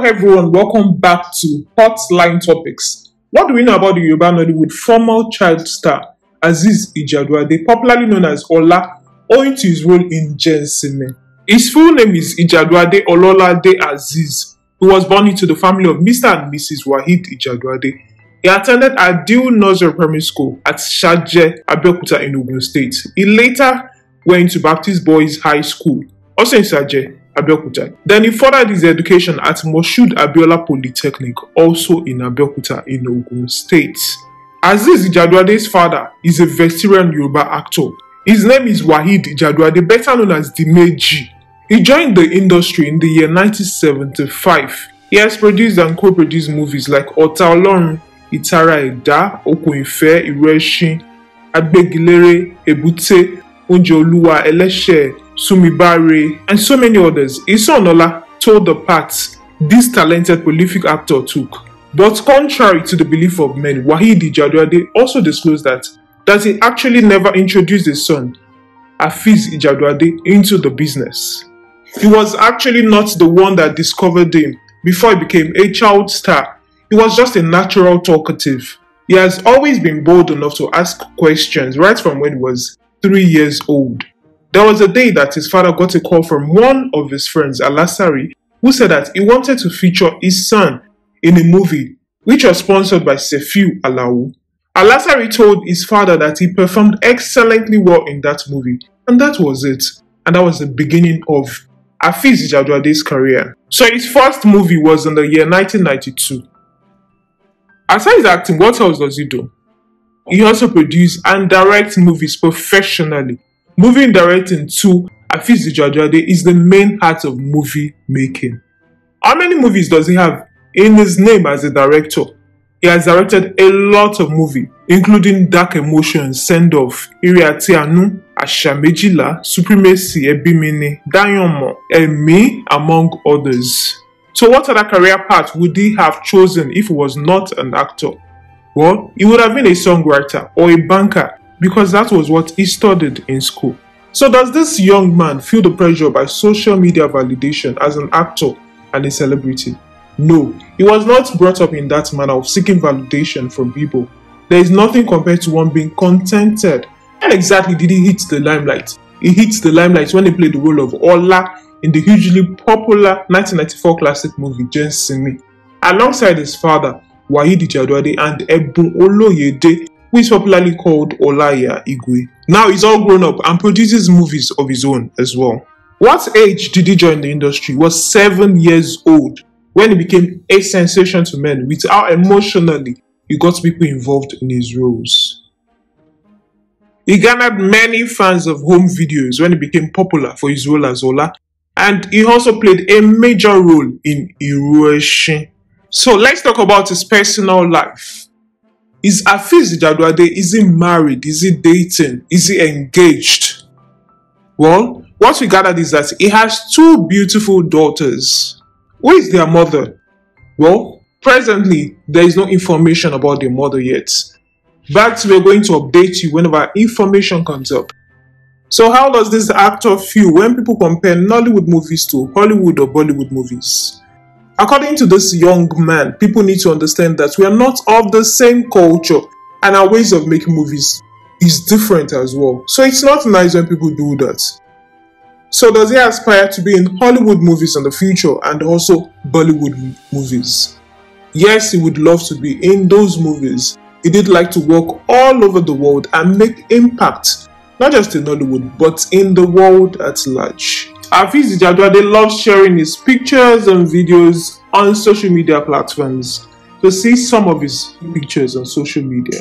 Hello everyone, welcome back to Hotline Topics. What do we know about the Yoruba Nollywood former child star Aziz Ijadwade, popularly known as Ola, owing to his role in Jensime? His full name is Ijadwade Ololade Aziz, who was born into the family of Mr. and Mrs. Wahid Ijadwade. He attended Adil Nursery Primary School at Shaje, Abeokuta in Ogun State. He later went to Baptist Boys High School, also in Shaje, Abeokuta. Then he furthered his education at Moshood Abiola Polytechnic, also in Abeokuta in Ogun State. Aziz Ijaduade's father is a veteran Yoruba actor. His name is Wahid Ijaduade, better known as Dimeji. He joined the industry in the year 1975. He has produced and co-produced movies like Ota Olorun, Itara Eda, Okun Ife, Ireshin, Agbegilere, Ebute, Oúnjẹ Olúwa, Sumibare, and so many others, Isonola told the path this talented prolific actor took. But contrary to the belief of many, Wahidi Jadwade also disclosed that that he actually never introduced his son, Afiz Ijaduade, into the business. He was actually not the one that discovered him before he became a child star. He was just a natural talkative. He has always been bold enough to ask questions right from when he was three years old. There was a day that his father got a call from one of his friends, Alasari, who said that he wanted to feature his son in a movie which was sponsored by Sefiu Alawu. Alasari told his father that he performed excellently well in that movie, and that was it. And that was the beginning of Afiz Jadwade's career. So his first movie was in the year 1992. Aside acting, what else does he do? He also produced and directs movies professionally. Movie directing to Afis Jajade is the main heart of movie making. How many movies does he have in his name as a director? He has directed a lot of movie, including Dark Emotions, Send Off, Iriatianu, Ashamejila, Supremacy, Ebimini, Dayomo, and Me, among others. So, what other career path would he have chosen if he was not an actor? Well, he would have been a songwriter or a banker because that was what he studied in school. So, does this young man feel the pressure by social media validation as an actor and a celebrity? No, he was not brought up in that manner of seeking validation from people. There is nothing compared to one being contented. And exactly did he hit the limelight. He hits the limelight when he played the role of Ola in the hugely popular 1994 classic movie Jensimi, alongside his father Wahidi Jadwade and Ebun Oloyede who is popularly called Olaya Igwe. Now he's all grown up and produces movies of his own as well. What age did he join the industry? He was seven years old when he became a sensation to men with how emotionally he got people involved in his roles. He garnered many fans of home videos when he became popular for his role as Ola, and he also played a major role in Irueshin. So let's talk about his personal life. Is Afiz Jadwade, is he married? Is he dating? Is he engaged? Well, what we gathered is that he has two beautiful daughters. Who is their mother? Well, presently, there is no information about their mother yet. But we're going to update you whenever information comes up. So how does this actor feel when people compare Nollywood movies to Hollywood or Bollywood movies? According to this young man, people need to understand that we are not of the same culture and our ways of making movies is different as well. So it's not nice when people do that. So does he aspire to be in Hollywood movies in the future and also Bollywood movies? Yes, he would love to be in those movies. He did like to walk all over the world and make impact, not just in Hollywood, but in the world at large. Afiz Jadwade loves sharing his pictures and videos on social media platforms. to see some of his pictures on social media.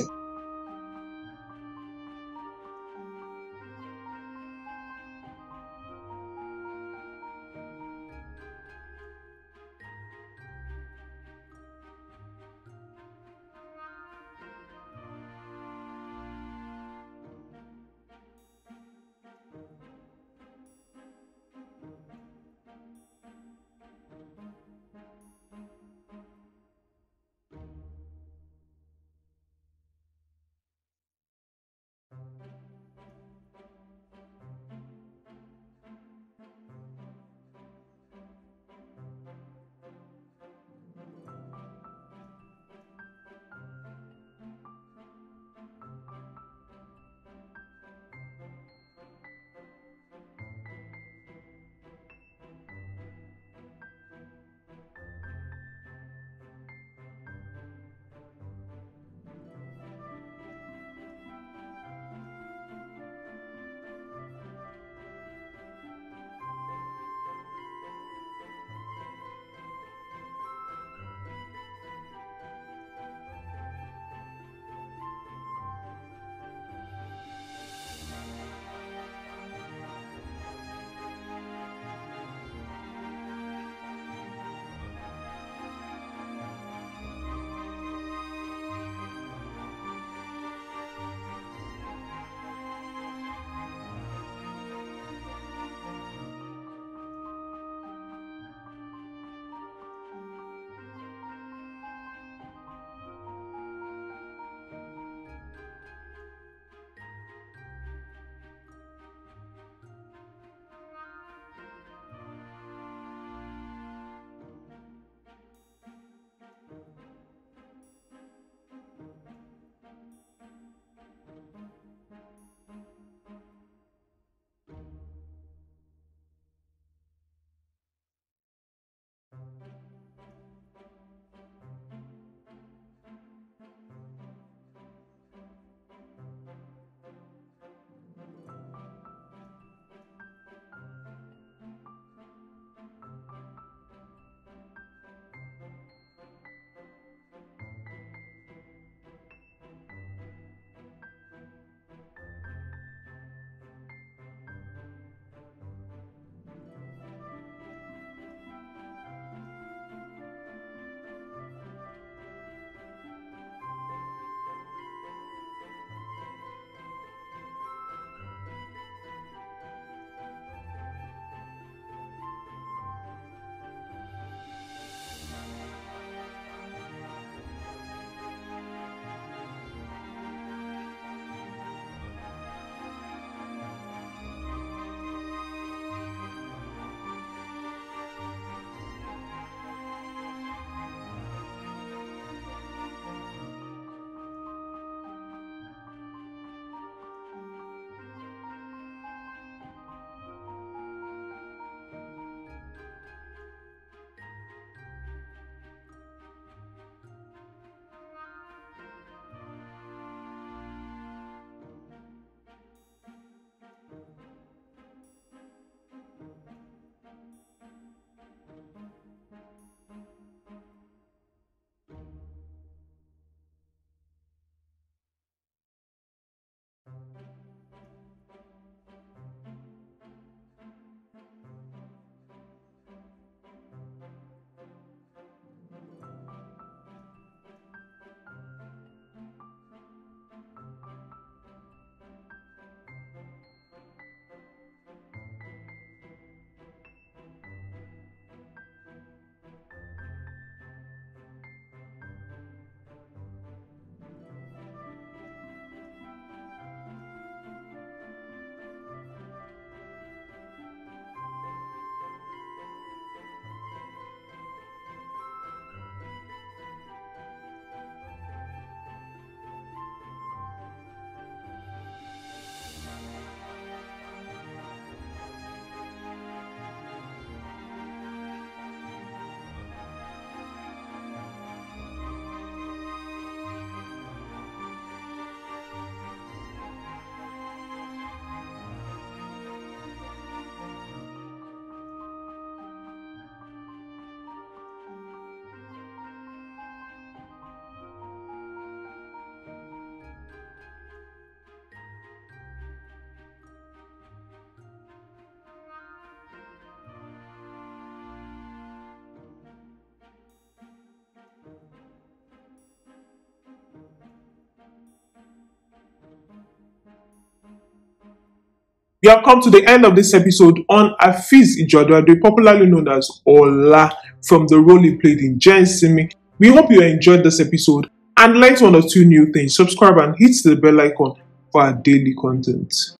You have come to the end of this episode on Afiz Ijododo, popularly known as Ola, from the role he played in Jen Simi. We hope you enjoyed this episode and learned one or two new things. Subscribe and hit the bell icon for our daily content.